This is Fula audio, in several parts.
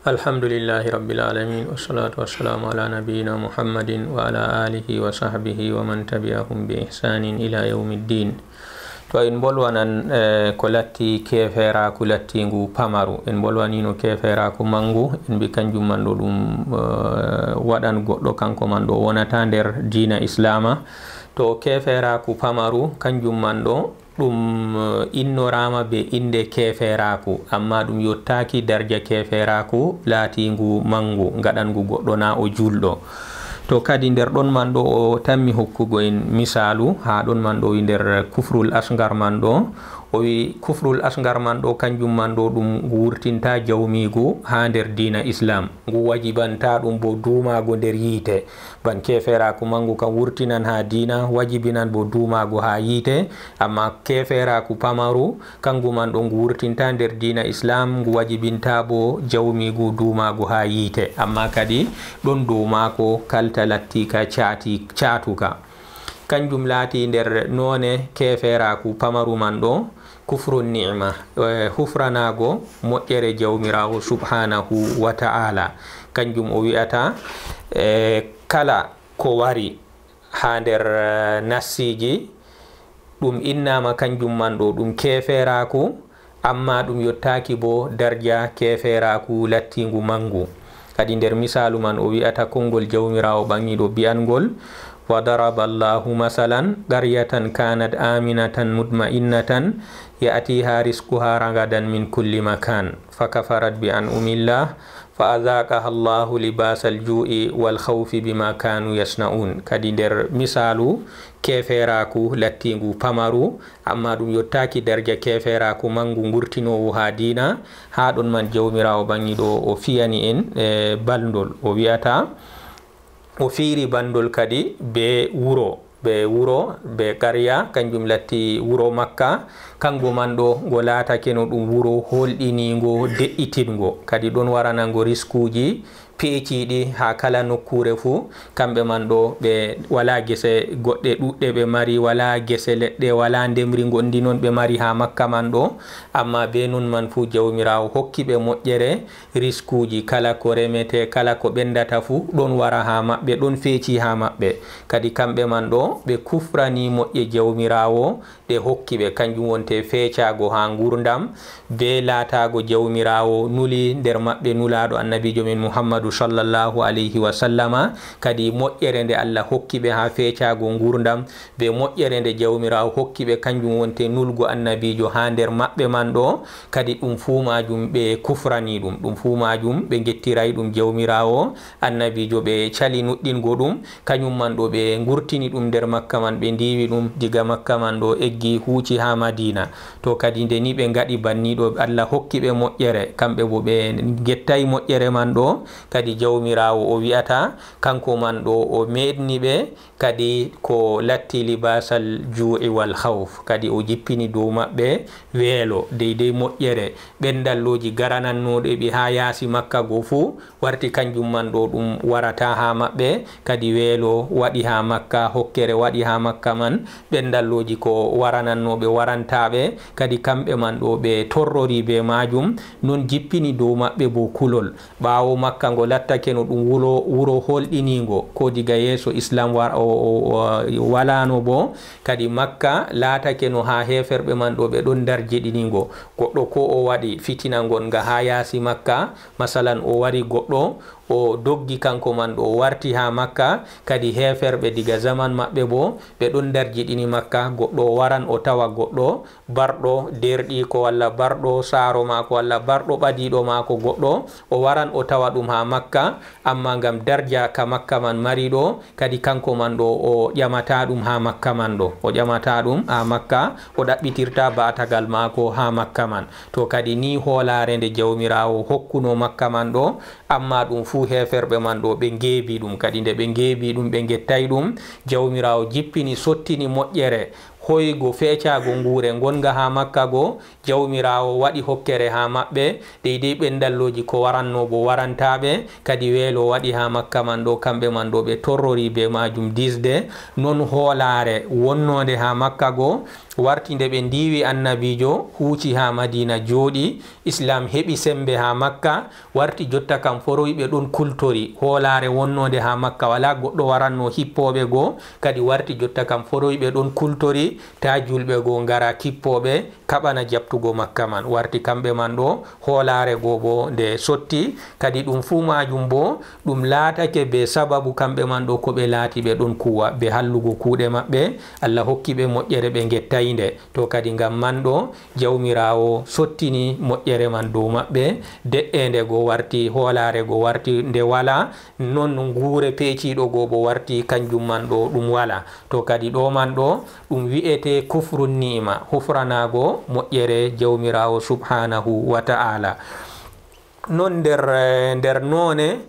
alhamdulillahi rabbil alamin wassalatu wassalamu ala nabiyina muhammadin wa ala alihi wa sahbihi wa man tabi'ahum bi ihsanin ila yaumiddin to en bolwanan eh, ko latti keferaku lattingu pamaru en bolwanino keferaku mangu en mbi kanjum man ɗo ɗum uh, eh, waɗan goɗɗo kanko man ɗo wonata nder dina islama to keferaku pamaru kanjum man ɗo ɗum uh, innorama be inde keferaku amma ɗum yottaki darja keferaku latingu mangu gaɗangu goɗɗo na o julɗo to kadi nder ɗon man ɗo o tammi hokkugo en misalu ha ɗon man ɗo i nder kufrul asgar man ɗo o wi kufrul asgar man ɗo kanjum man ɗo ɗum ngu wurtinta jawmigu ha nder dina islam ngu wajibanta ɗum bo dumago nder yiite ban keferaku mangu kam wurtinan ha dina wajibinan bo dumago ha yiite amma keferaku pamaru kangu man ɗo ngu wurtinta nder dina islam ngu wajibinta bo jawmigu dumago ha yiite amma kadi ɗon dumako kalta lattika cati catuka kanjum laati nder none keferaku pamaru man ɗo kufrun nima eh, hufranago moƴƴere jawmirawo subhanahu wa taala kanjum o wi'ata e, kala ko wari ha nder eh, nassiji ɗum innama kanjum man ɗo ɗum keferaku amma ɗum yottaki bo darja keferaku lattingu mangu kadi nder misalu man o wi'ata konngol jawmirawo ɓangiɗo biyangol وضرب الله مثلا قرية كانت آمنة مطمئنة يأتيها رزقها رغدا من كل مكان فكفرت بأنعم الله فأذاقها الله لباس الجوع والخوف بما كانوا يصنعون كدي در مثالو كفراكو لتيغو بمرو أما دوم يتاكي درجة كفراكو مانغو مرتينو هادينا هادون من جوميراو بانيدو وفياني إن إيه، بلندول وبياتا o fiiri bandol kadi be wuro ɓe wuro ɓe karya kanjum latti wuro makka kango man ɗo ngo laatake no ɗum wuro holɗinigo de'itingo kadi ɗon waranago risqueuji peeciiɗi haa kala nokkure fuu kamɓe man ɗo ɓe wala gese goɗɗe ɗuɗɗe ɓe mari wala gese leɗɗe wala ndemri gondi noon ɓe mari haa makka man ɗo amma be nun man fuu jawmirawo hokki ɓe moƴƴere risqueuji kala ko remete kala ko ɓendata fuu ɗon wara haa maɓɓe ɗon feeci haa maɓɓe kadi kamɓe man ɗo ɓe kufrani moƴƴe jawmirawo ɗe hokki ɓe kanjum wonte feecago haa gurdam be laatago jawmirawo nuli nder maɓɓe nulaɗo annabijo min muhammadou muhammadou sallllahu alayhi wa sallama kadi moƴƴere nde allah hokkiɓe ha fecago gurdam ɓe moƴƴere nde jawmirawo hokkiɓe kanjum wonte nulgu annabijo ha nder maɓɓe man ɗo kadi ɗum fumajum ɓe kufrani ɗum ɗum fumajum ɓe gettiray ɗum jawmirawo annabijo ɓe cali nuɗɗingo ɗum kañum man ɗo ɓe gurtini ɗum nder makka man ɓe ndiwi ɗum diga makka man ɗo eggi huuci ha madina to kadi nde ni ɓe gaɗi banniɗo allah hokkiɓe moƴƴere kamɓe bo ɓe gettay moƴƴere man ɗo ka kadi jawmirawo o wiyata kanko man ɗo o meɗni ɓe kadi ko latti libasal juui wal hawf kadi o jippini dow maɓɓe weelo deydey moƴƴere ɓendalloji garananoɗe ɓi ha yaasi makka go fuu warti kanjum man ɗo ɗum warata ha maɓɓe kadi weelo waɗi ha makka hokkere waɗi ha makka man ɓendalloji ko warananoɓe warantaɓe kadi kamɓe man ɗo ɓe torrori be majum non jippini dow maɓɓe bo kulol ɓawo makka ngo lattake no ɗum wuro wuro holɗinigo ko diga yeeso islam walano bo kadi makka laatake no ha heferɓe man ɗo ɓe ɗon dar jeɗinigo goɗɗo ko o waɗi fitina gonga ha yaasi makka masalan o wari goɗɗo o doggi kanko man ɗo warti ha makka kadi heferɓe diga zaman maɓɓe bo ɓe ɗon nder jiɗini makka goɗɗo waran o tawa goɗɗo barɗo derɗi ko walla barɗo saaro mako walla barɗo ɓadiɗo mako goɗɗo o waran o tawa ɗum ha makka amma gam darja ka makka man mari ɗo kadi kanko man ɗo o ƴamata ɗum ha makka man ɗo o ƴamata ɗum ha makka o ɗaɓɓitirta batagal mako ha makka man to kadi ni hoolare nde jawmirawo hokkuno makka man ɗo amma ɗum fu fuu heferɓe man ɗo ɓe geebi ɗum kadi nde ɓe geebi ɗum ɓe gettay ɗum jawmirawo jippini sottini moƴƴere hoygo fecago nguure gonga ha makka go jawmirawo waɗi hokkere ha maɓɓe deydey ɓendalloji ko warannobo warantaɓe kadi weelo waɗi ha makka man ɗo kamɓe man ɗo ɓe torrori be majum disde non hoolare wonnode ha makka go warti nde ɓe ndiwi annabijo huuci ha madina jooɗi islam heɓi sembe ha makka warti jotta kam foroyɓe ɗon kultori hoolare wonnode ha makka wala goɗɗo waranno hippoɓe goo kadi warti jotta kam foroyɓe ɗon kultori ta julɓe goo gara kippoɓe kaɓana jabtugo makka man warti kamɓe man ɗo hoolare goo bo nde sotti kadi ɗum fuu majum bo ɗum laatake be sababu kamɓe man ɗo ko ɓe laati ɓe ɗon kuwa be hallugo kuuɗe maɓɓe allah hokkiɓe moƴƴere ɓe gettayi deyde to kadi gam man ɗo jawmirawo sottini moƴƴere man dow maɓɓe de'ende go warti hoolare go warti nde wala non guure peeciɗo go bo warti kanjum man ɗo ɗum wala to kadi ɗo man ɗo ɗum wi'ete kufrun ni'ma hufranago moƴƴere jawmirawo subhanahu wa ta'ala non nder eh, nder none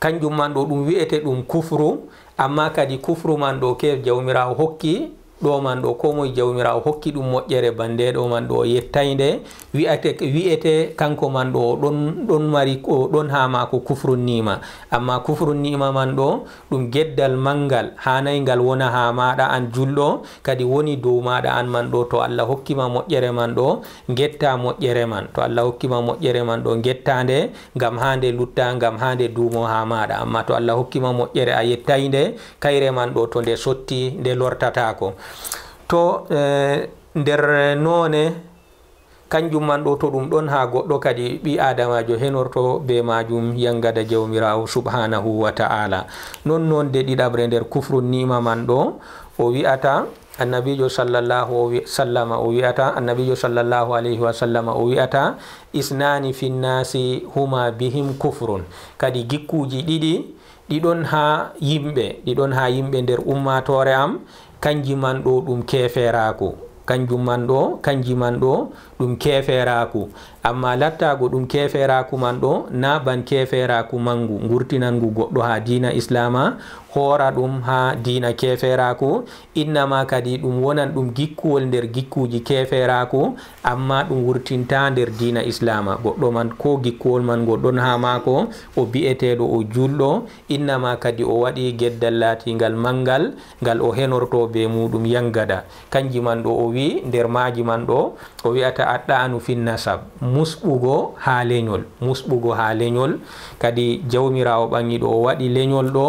kanjum man ɗo ɗum wi'ete ɗum kufru amma kadi kufru man ɗo ke jawmirawo hokki ɗo man ɗo ko moye jawmirawo hokki ɗum moƴƴere bande ɗo man ɗo yettayde wiyate wiyete kanko man ɗo ɗon ɗon mari ko ɗon ha ma ko kufrunnima amma kufrunnima man ɗo ɗum geddal manngal hanayngal wona ha maɗa an julɗo kadi woni dow maɗa an man ɗo to allah hokkima moƴƴere man ɗo getta moƴƴere man to allah hokkima moƴƴere man ɗo getta nde gam ha nde lutta gam ha nde duumo ha maɗa amma to allah hokkima moƴƴere a yettayde kayre man ɗo to nde sotti nde lortatako to eh, nder noone kanjum man ɗo to ɗum ɗon ha goɗɗo kadi ɓi adamajo henorto be majum yangada jawmirawu subhanahu wa ta'ala non noon de ɗiɗaɓre nder kufrun nima man ɗo o wi'ata annabijo sallllahu sallama o wi'ata annabijo sallllahu alayhi wa sallama o wi'ata isnani finnasi huma bihim kufrun kadi gikkuji ɗiɗi ɗiɗon ha yimɓe ɗiɗon ha yimɓe nder ummatore am kanji man ɗo ɗum keferako kanjum man ɗo kanji man ɗo ɗum keferaku amma lattago ɗum keferaku man ɗo na ban keferaku mangu gurtinangu goɗɗo ha dina islama hora ɗum ha dina keferaku innama kadi ɗum wonan ɗum gikkuwol nder gikkuji keferaku amma ɗum wurtinta nder dina islama goɗɗo man ko gikkuwol man goɗɗon ha mako o bi'eteɗo o julɗo innama kadi o waɗi geddal latigal mangal ngal o henorto be muɗum yangada kanji man ɗo o wi wi nder maji man ɗo o wiyata aɗɗanu finnasab musɓugo ha leyol musɓugo ha leyol kadi jawmirawo ɓangi ɗo o waɗi leyol ɗo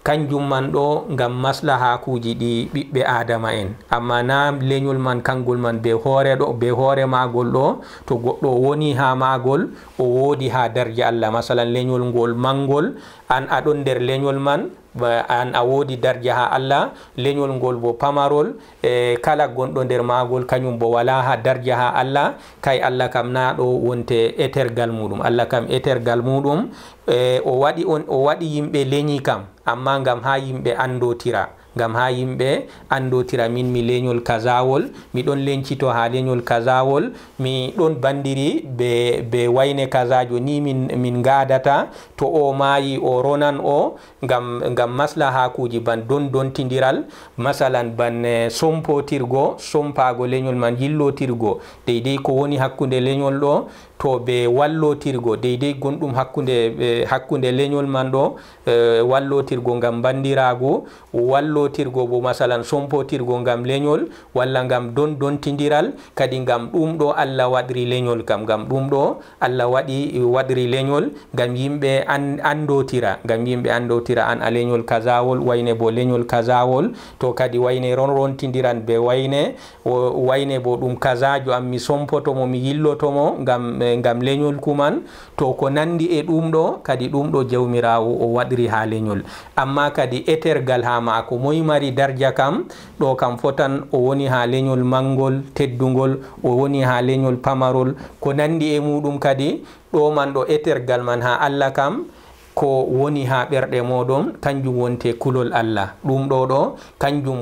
kanjum man ɗo ngam maslaha kuji ɗi ɓiɓɓe adama en amma na leyol man kangol man be hoore ɗo be hoore magol ɗo to goɗɗo woni ha magol o woodi ha darje allah masalan leyol ngol mangol an aɗon nder leyol man an a woodi dardia ha allah leñol ngol bo pamarol e kala gonɗo nder magol kañum bo wala ha dardia ha allah kay allah kam na ɗo wonte étergal muɗum allah kam étergal muɗum e o waɗi on o waɗi yimɓe leñi kam amma gam ha yimɓe andotira gam ha yimɓe andotira min mi leñol kasawol miɗon lencito ha leñol kasawol mi ɗon bandiri be, be wayne kasajo ni min, min gadata to o mayi o ronan o gam, gam masla ha kuji ban don dontidiral masalan ban eh, sompotirgo sompago leñol man yillotirgo deydey ko woni hakkude leñol ɗo to ɓe wallotirgo deydey gonɗum hakkude hakkude leñol man ɗo e, wallotirgo gam bandiragu wallotirgo bo masalan sompotirgo gam leñol walla gam don dontidiral kadi gam ɗum ɗo allah waɗri leñol kam gam ɗum ɗo allah waɗi waɗri leñol gam yimɓe andotira gam yimɓe andotira an a leñol kasawol wayne bo leñol kasawol to kadi wayne ron rontidiran ɓe wayne wayne bo ɗum kasajo am mi sompotomo mi yillotomo gam e, gam leñol kuman to ko nandi e ɗum ɗo kadi ɗum ɗo jawmirawo o waɗiri ha leñol amma kadi etergal ha mako moyimari dardia kam ɗo kam fotan o woni ha leñol mangol teddugol o woni ha leñol pamarol ko nandi e muɗum kadi ɗo man ɗo etergal man ha allah kam ko woni ha ɓerɗe moɗon kanjum wonte kulol allah ɗum ɗo ɗo kanjum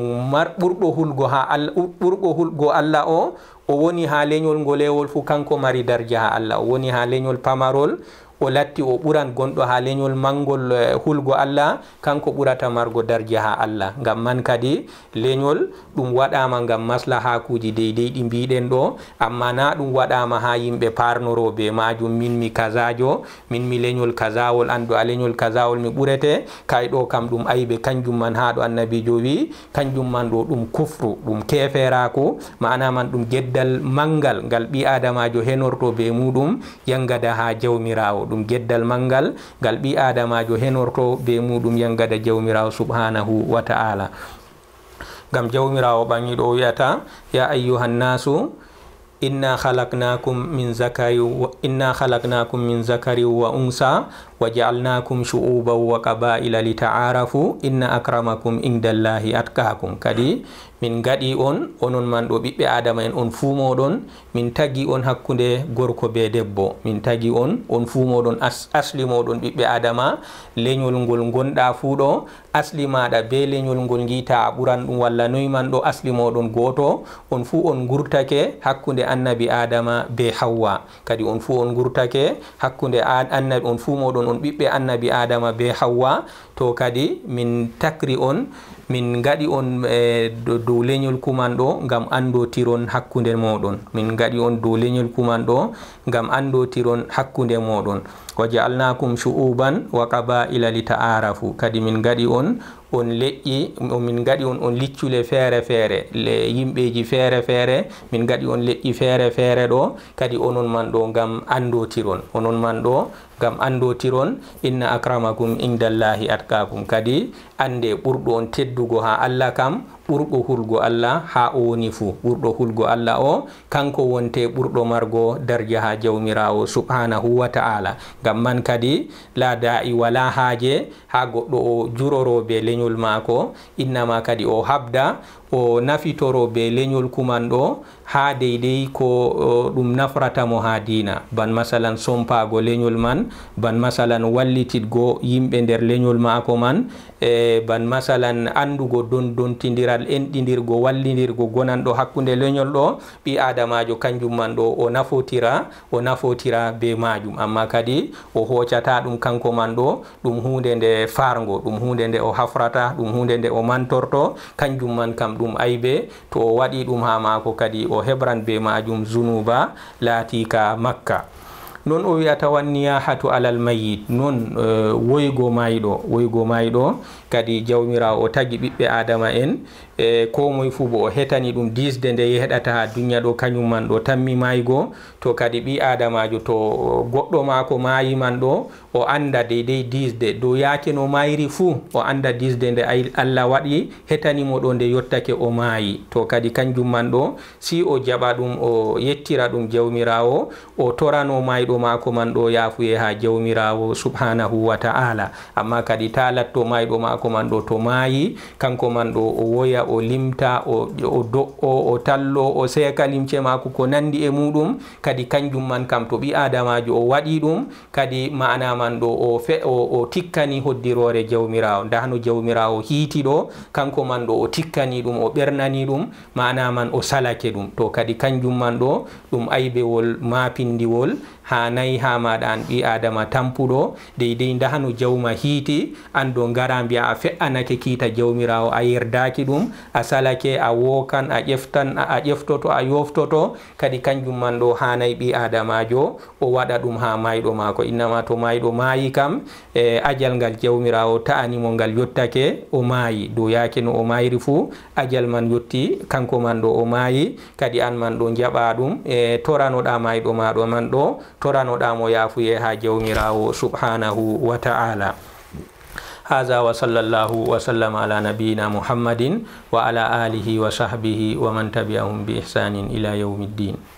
ɓurɗo hulgo ha ɓurɗo hulgo allah o o woni ha leñol ngolewol fu kanko mari dardia ha allah o woni ha leñol pamarol o latti o ɓuran gonɗo ha leñol manggol e, hulgo allah kanko ɓurata margo dardia ha allah gam man kadi leñol ɗum waɗama gam maslahakuji deydey ɗi mbiɗen ɗo amma na ɗum waɗama ha yimɓe parnoroɓe majum min mi kasajo min mi leñol kasawol anɗo a leñol kasawol mi ɓurete kay ɗo kam ɗum ayiɓe kanjum man ha ɗo annabijo wi kanjum man ɗo ɗum kufru ɗum keferako mana man ɗum geddal manggal ngal ɓi adamajo henorto be muɗum yangada ha jawmirawo ɗum geddal mangal ngal ɓi adamajo henorto be muɗum yangada jawmirawo subhanahu wa ta'ala gam jawmirawo ɓangi ɗo wiyata ya ayyuhannasu inna halaknakum min zakari inna halaknakum min zakari wa unsa wajaalnakum shu'uban wa qaba'ila litaarafu inna akramakum indallahi atkakum kadi min gaɗi on onon man ɗo ɓiɓɓe adama en on fumoɗon min tagi on hakkunde gorko be debbo min tagi on on fumoɗon asli moɗon ɓiɓɓe adama leñol ngol gonɗa fuu ɗo asli maɗa be leñol ngol guita a ɓuran ɗum walla noyiman ɗo asli moɗon goto on fuu on gurtake hakkunde annabi adama be hawwa kadi on fuu on gurtake hakkunde annabi on fumoɗon on ɓiɓɓe annabi adama be hawwa to kadi min takri on min gaɗi on e dow leñol kuman ɗo gam andotiron hakkude moɗon min gaɗi on dow leñol kuman ɗo gam andotiron hakkude moɗon wa jaalnakum shu'uban wa qabaila li taarafu kadi min gaɗi on on leƴƴi min gaɗi on on liccule feere feere le yimɓeji feere feere min gaɗi on leƴƴi feere feere ɗo kadi onon man ɗo gam andotiron onon man ɗo gam andotiron inna acramakum indallahi atkakum kadi ande ɓurɗo on tedd heddugo ha allah kam ɓurɗo hulgo allah ha o woni fuu ɓurɗo hulgo allah o kanko wonte ɓurɗo margo darja ha jawmirawo subhanahu wa ta'ala gam man kadi laada'i wala haaje ha goɗɗo o juroro be leñol maako innama kadi o habda o nafitoro be leñol kuman ɗo ha deydey ko ɗum nafratamo ha dina ban masalan sompago leñol man ban masalan wallitidgo yimɓe nder leñol mako man e ban masalan andugo don dontidiral enɗidirgo wallidirgo gonanɗo hakkude leñol ɗo ɓi adamajo kanjum man ɗo o nafotira o nafotira be majum amma kadi o hoccata ɗum kanko man ɗo ɗum hunde nde fargo ɗum hunde nde o hafrata ɗum hunde nde o mantorto kanjum man kam ɗum aybe to o waɗi ɗum ha mako kadi o hebran be majum junuba laati ka makka non o wiyata wan niyahatu alal mayit non eh, woygo mayiɗo woygo mayiɗo kadi jawmira o tagui ɓiɓɓe adama en e ko moye fou bo o hetani ɗum disde nde yeɗata duña ɗo kañum man ɗo tammi maygo to kadi ɓi adamajo to goɗɗo ma ko mayi man ɗo o anda dey dey disde dow yaake no mayri fou o anda disde nde allah waɗi hetanimo ɗo nde yottake o maayi to kadi kanjum man ɗo si o jaɓa ɗum o yettira ɗum jawmirawo o toranomayɗo mako man ɗo yafuye ha jawmirawo subhanahu wa ta'ala amma kadi ta latto mayiɗo mako man ɗo to mayi kanko man ɗo o woya o limta o do'o o tallo o seka limce mako ko nandi e muɗum kadi kanjum man kam to ɓi adamajo o waɗi ɗum kadi mana man ɗo o fe o tikkani hoddirore jawmirawo dahno jawmirawo hiitiɗo kanko man ɗo o tikkani ɗum o ɓernani ɗum mana man o salake ɗum to kadi kanjum man ɗo ɗum aybewol mapindiwol hanayi ha maɗa an ɓi adama tampuɗo deydey dahano jawma hiiti an ɗo gara mbiya a feɗɗanake kiita jawmirawo a yerdaki ɗum a salake a wokan a ƴeftan a ƴeftoto a yoftoto kadi kanjum man ɗo hanayi ɓi adamajo o waɗa ɗum ha mayɗo mako innama to mayɗo mayi kam e ajal ngal jawmirawo ta'animo ngal yottake o mayi dow yaake no o mayri fuu ajal man yotti kanko man ɗo o mayi kadi an man ɗo jaɓa ɗum e toranoɗa mayɗo maɗo man ɗo toranoɗamo yafuye ha jawmirawo subhanahu wa ta'ala هذا وصلى الله وسلم على نبينا محمد وعلى آله وصحبه ومن تبعهم بإحسان إلى يوم الدين